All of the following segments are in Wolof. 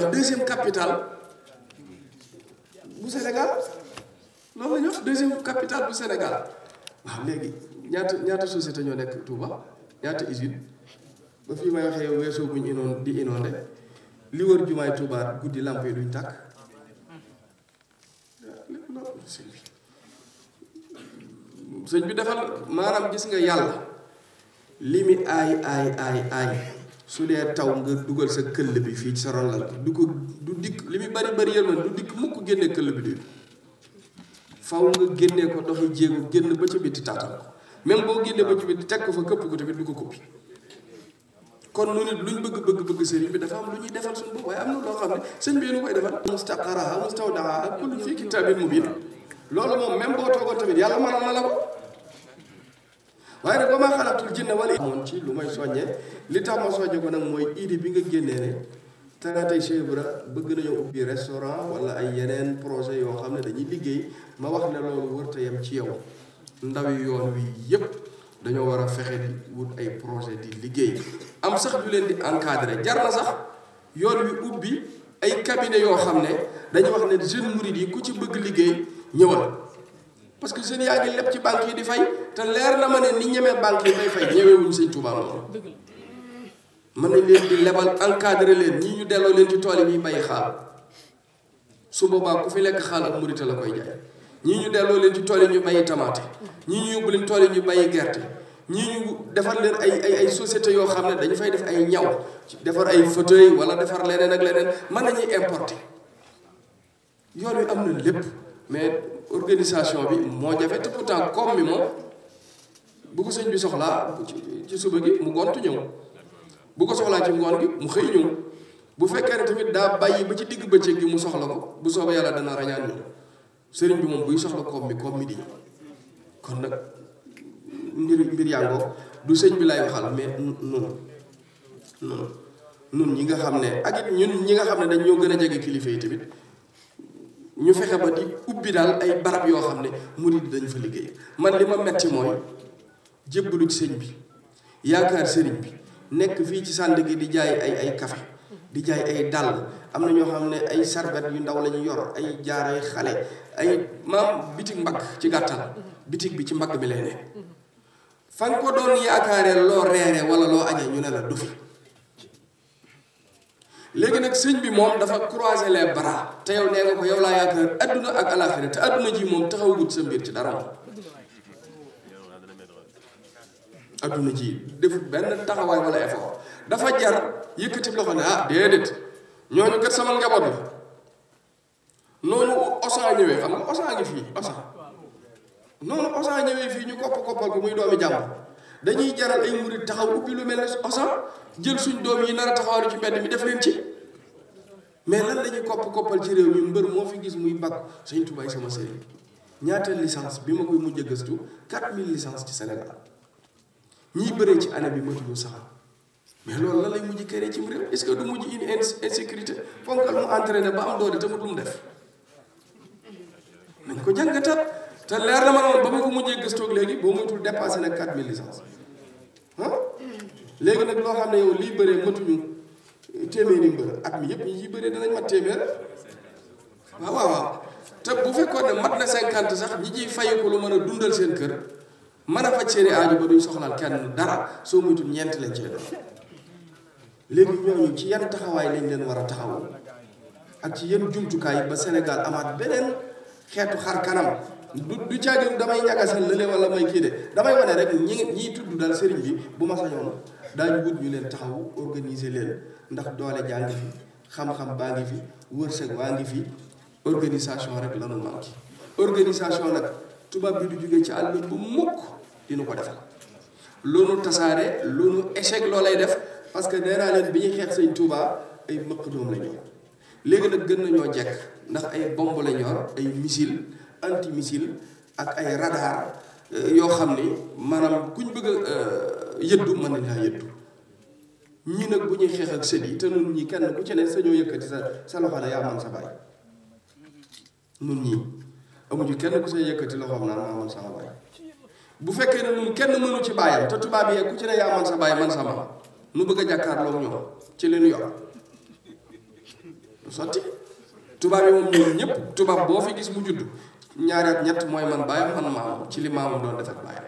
la deuxième capitale bu Sénégal loolu la deuxième capitale bu Sénégal waaw léegi ñaata ñaata société ñoo nekk Touba ñaata usine ba fii may waxee weesoo bu inoon di inondé li wër jumaay Touba guddi lamp yi duñ tàkk sëñ bi defal maanaam gis nga yàlla li mi aay aay aay su dee taw nga dugal sa këll bi fii ci sa ronlal du ko du dikk li muy bari bari yërmal du dikk mukk génne këll bi di faw nga génne ko doxi jéegu génn ba ci bitti taatal ko même boo génne ba ci bitti teg ko fa këpp ko tamit du ko koppi kon nu nit luñ bëgg bëgg bëgg sëri bi dafa am lu ñuy defal suñu bopp way am na loo xam ne sëñ bi ñu koy defal mustaqara mustawdaa ak kullu fi kitabin mubin loolu moom même boo toogoon tamit yàlla manal na la ko waaye nag ba ma xalaatul jinne wala moon ci lu may soññee li tax ma soññee ko nag mooy idée bi nga génnee ne talaatay Cheikh Ibra bëgg nañoo ubbi restaurant wala ay yeneen projet yoo xam ne dañuy liggéey ma wax ne loolu wërta yem ci yow ndaw yoon wi dañoo war a fexe di ay projet di liggéey am sax lu leen di encadré jar sax yoon wi ubbi ay cabinet yoo xam ne dañu wax ne jeune murid yi ku ci bëgg liggéey ñëwal parce que jeune yaa ngi leb ci banque yi di fay te leer na ma ne ni ñemee banque yi may fay ñemewuñ sëñ Tuubaa moom mën nañ leen di lebal encadré leen ñii ñu delloo leen ci tool yi ñuy bay xaal su boobaa ku fi lekk xaal ak murite la koy ñii ñu delloo leen ci tool yi ñu bayi tamaate ñii ñu yóbbu leen tool yi ñu bayi gerte ñii ñu defar leen ay ay ay société yoo xam ne dañu fay def ay ñaw defar ay fauteuil wala defar leneen ak leneen mën nañuy importe yoon wi am na lépp mais organisation bi moo jafe te pourtant comme mi moom bu sëñ bi soxlaa ci suba gi mu gont ñëw bu ko soxlaa ci ngoon gi mu xëy ñëw bu fekkee ne tamit daa bàyyi ba ci digg bëccëg gi mu soxla ko bu soobee yàlla dana rañaan ñu sëriñ bi moom buy soxla koom bi koom mi di kon nag mbir mbir yàngoo du sëñ bi lay waxal mais nun nun nun ñi nga xam ne ak it ñun ñi nga xam ne dañ ñoo gën a jege kilifa yi tamit ñu fexe ba di ubbi daal ay barab yoo xam ne murid dañ fa liggéey man li ma metti mooy jébbalu ci sëñ bi yaakaar sëriñ bi nekk fii ci sànd gi di jaay ay ay café di jaay ay dàll am na ñoo xam ne ay sarbet yu ndaw la yor ay jaaray xale ay maam bitig mbagg ci gàttal bitig bi ci mbagg bi lay ne fa nga ko doon yaakaaree loo reere wala loo añee ñu ne la du fi léegi nag sëñ bi moom dafa croiser les bras te yow nee nga ko yow laa yaakaar àdduna ak alaxira te adduna ji moom taxaw wut sa mbir ci dara adduna ji defut benn taxawaay wala effort dafa jar yëkkati loxo ne ah déedéet ñooñu kat sama njaboot la noonu osa ñëwee xam nga osa ngi fii osa noonu osa ñëwee fii ñu kopp koppal ko muy doomi jàmm dañuy jaral ay murid taxaw ubbi lu mel ne osa jël suñ doom yi nar a taxawaaru ci mbedd mi def leen ci mais lan lañuy kopp koppal ci réew mi mbër moo fi gis muy bàkk Sëñ Tuubaa sama sëriñ ñaata licence bi ma koy mujj a gëstu 4000 licence ci senegal ñiy bëree ci année bi matuñu saxal mais loolu lan lay mujj këree ci mu réew est-ce que du mujj une insécurité fonkal mu entraîné ba am doole te mu dum def nañ ko jàngatat te leer na ma noonu ba mu ko mujjee gëstoog léegi boo moytul dépassé nag 4000 licences ah léegi nag loo xam ne yow liy bëree matuñu téeméeri mbër at mi yëpp ñi bëree danañ mat téeméer waaw waaw waaw te bu fekkoon ne mat na cinquante sax ñi ciy fayeku lu mën a dundal seen kër mën a faj seeni aaju ba duñ soxlaal kenn dara soo moytul ñeent lañ cee doon léegi ñooñu ci yan taxawaay lañ leen war a taxawoo ak ci yan jumtukaay ba Sénégal amaat beneen xeetu xar kanam du du caagin damay ñagasal leen wala may kii de damay wane rek ñi ñiy tudd daal sëriñ bi bu ma sañoon daañu wut ñu leen taxaw organiser leen ndax doole jaa ngi fi xam-xam baa ngi fi wërsëg waa ngi fi organisation rek la nu manqué organisation nag tubaab bi du jógee ci àll bu mukk dinu ko defal lu tasaare loolu échec loo lay def parce que nee naa leen bi ñuy xeex sëñ Touba ay mëq doom la léegi nag gën nañoo jekk ndax ay bomb la ñor ay missile anti missile ak ay radar euh, yoo xam ni maanaam kuñ bëgg a euh, yëddu mën nañ laa yëddu ñii nag bu ñuy xeex ak sët yi te nun ñi kenn ku ci ne sañoo yëkkati sa sa loxo ne yaa man sa baay nun ñii amuñu kenn ku sa yëkkati loxoom naan maa man sama baay bu fekkee ne ñun kenn mënu ci bàyyam te tubaab yi ku ci ne yaa man sa bàyyi man sa maam nu bëgg a jàkkaar jàkkaarloog ñoom ci li nu yor lu sotti tubaab yi moom ñun ñëpp tubaab boo fi gis bu judd ñaari at ñett mooy man bàyyam man maamam ci li maamam doon defal bàyyam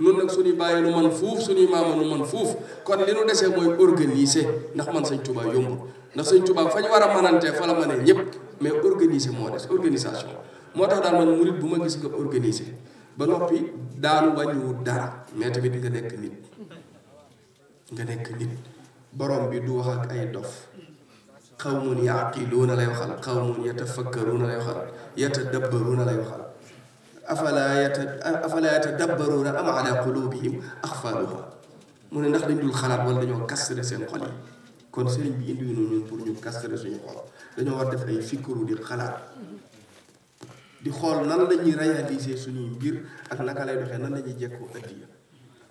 nun nag suñuy bàyyi nu man fuuf suñuy maama nu man fuuf kon li nu desee mooy organiser ndax man sëñ Tuubaa yombul ndax sëñ Tuubaa fañ war a manantee fa la manee ñëpp mais organiser moo des organisation moo tax daal man murit bu ma gis nga organiser ba noppi daanu wàññiwul dara mais tamit nga nekk nit nga nekk nit borom bi du wax ak ay dof qawmun yaqiluuna lay waxal qawmun yatafakkaruuna lay waxal yatadabbaruuna lay waxal afala yata afala yatadabbaruuna am ala qulubihim axfaaluha mu ne ndax dañ dul xalaat wala dañoo kastre seen xol yi kon sëriñ bi indi ñu ñun pour ñu kastre suñu xol dañoo war def ay fikru di xalaat di xool nan lañuy réaliser suñu mbir ak naka lay doxee nan lañuy ñuy jekkoo addiya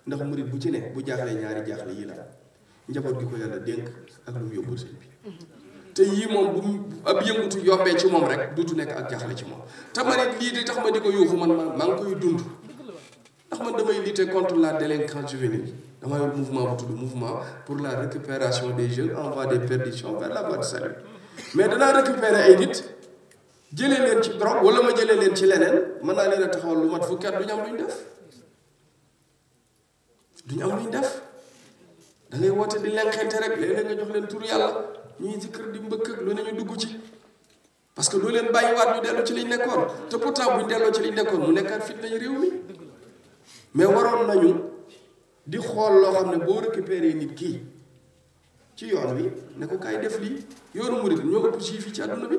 ndax murit bu ci ne bu jaaxlee ñaari jaaxle yi la njaboot gi ko yàlla dénk ak lu mu yóbbul sëñ bi te yi moom bu ab yëngutu yombee ci moom rek duutu nekk ak jaaxle ci moom te ma ne lii di tax ma di ko yuuxu man maa ngi koy dund ndax man damay lité contre la délinquance juvénile damay mouvement bu tudd mouvement pour la récupération des jeunes en voie de perdition vers la voie de salut mais danaa récupérer ay nit jëlee leen ci drogue wala ma jëlee leen ci leneen mën naa leen a taxawal lu mat fukki at du am luñ def duñu am luñ def da ngay woote di lenqente rek léeg nga jox leen tur yàlla ñuy zikkër di mbëkk ak lu nañu dugg ci parce que doo leen waat ñu dellu ci liñ nekkoon te pourtant buñ delloo ci liñ nekkoon mu nekkaat fitna yi réew mi mais waroon nañu di xool loo xam ne boo récupéré nit ki ci yoon wi ne ko kaay def lii yoonu murid ñoo ëpp ci fii ci àdduna bi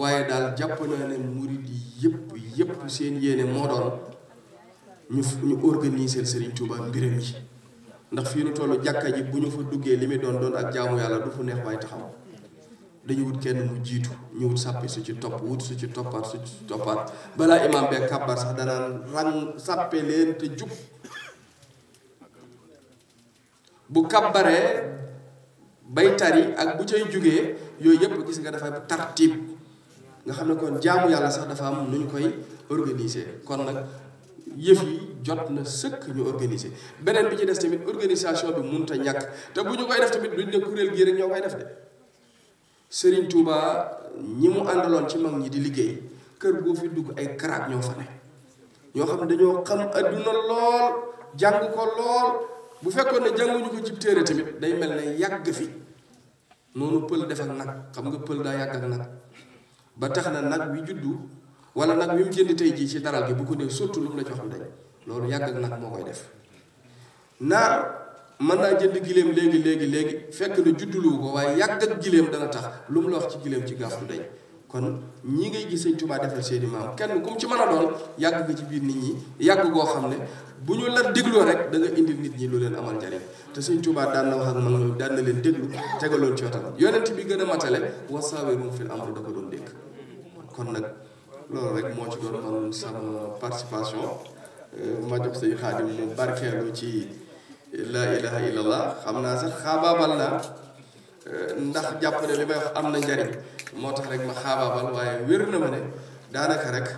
waaye daal jàpp naa ne murid yi yëpp yëpp seen yéene moo doon ñu ñu organiser seen Touba mbiram yi ndax fii nu tollu jàkka ji bu ñu fa duggee li muy doon doon ak jaamu yàlla du fu neex waaye taxaw dañu wut kenn mu jiitu ñu wut sàppi su ci topp wut su ci toppaat su ci toppaat balaa imaam bee kàbbar sax danaan rang sàppe leen te jub bu kàbbaree bay tari ak bu cay jugee yooyu yëpp gis nga dafay tartiib nga xam ne kon jaamu yàlla sax dafa am nu ñu koy organiser kon nag yëf yi jot na sëkk ñu organiser beneen bi ci des tamit organisation bi mënut a ñàkk te bu ñu koy def tamit duñ ne kuréel gii rek ñoo koy def de Serigne Touba ñi mu àndaloon ci mag ñi di liggéey kër goo fi dugg ay karaag ñoo fa ne ñoo xam ne dañoo xam adduna lool jàng ko lool bu fekkoon ne jànguñu ko ci téere tamit day mel ne yàgg fi noonu pël def ak nag xam nga pël daa yàgg ak nag. ba tax na nag wi juddu wala nag wi mu jënd tey jii ci daral gi bu ko néew surtout lu mu la joxam dañ loolu yàgg ak nag moo koy def naa man naa jënd giléem léegi léegi léegi fekk na judduluwu ko waaye yàgg ak giléem dana tax lu mu la wax ci giléem ci gàftu dañ kon ñi ngay gis sëñ Tuubaa defal seeni maam kenn ku ci mën a doon yàgg nga ci biir nit ñi yàgg goo xam ne bu ñu la dégloo rek danga indi indil nit ñi lu leen amal njariñ te sëñ Tuubaa daan na wax ak leen déglu tegaloon ci wetam yonent bi gën a matale wasaawirum fil amri da ko doon kon nag loolu rek moo ci doonoon sama participation euh, ma jox say xaadim mu barkeelu ci laa ilaha illallah xam naa sax xaabaabal la euh, ndax jàpp ne lu may am na njariñ moo tax rek ma xaabaabal waaye wér na ma ne daanaka rek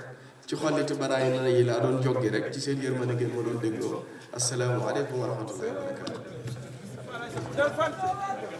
ci xolliti banaay nana yi laa doon joggi rek ci seen yërmande gën ma doon dégloo asalaamaaleykum wa rahmatullahi wa